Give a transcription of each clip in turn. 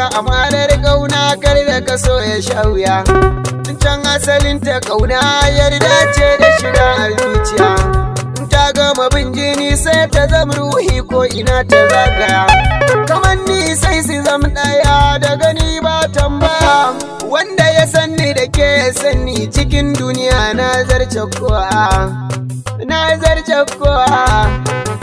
ka amanar gauna kar da kaso ya shauya can asalin ta kauna yarda ce da shiga a zuciya in ta gama bin jini sai ta zama ruhi ko ina ta zagaya kamar ni sai su zama ɗaya da gani ba tambaya wanda ya sanni da ke san sanni cikin duniya na zarce kowa na zarce kowa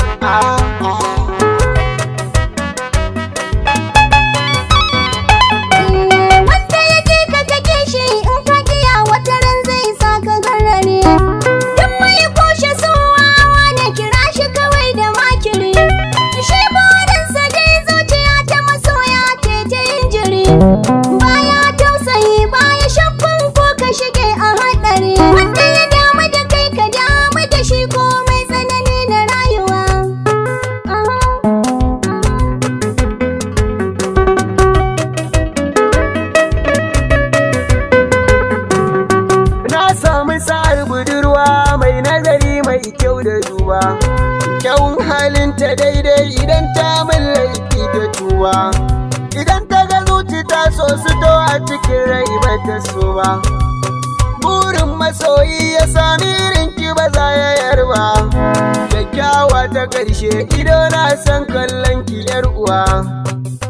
budurwa mai nazari mai kyau da duba kyawun halinta daidai idan ta mallaki da tuwa idan ta ga zuci ta so su to a cikin rai ba ta so ba burin masoyi ya sami rinki ba za ya yarba kyakkyawa ta ƙarshe ido na san kallon ki yar uwa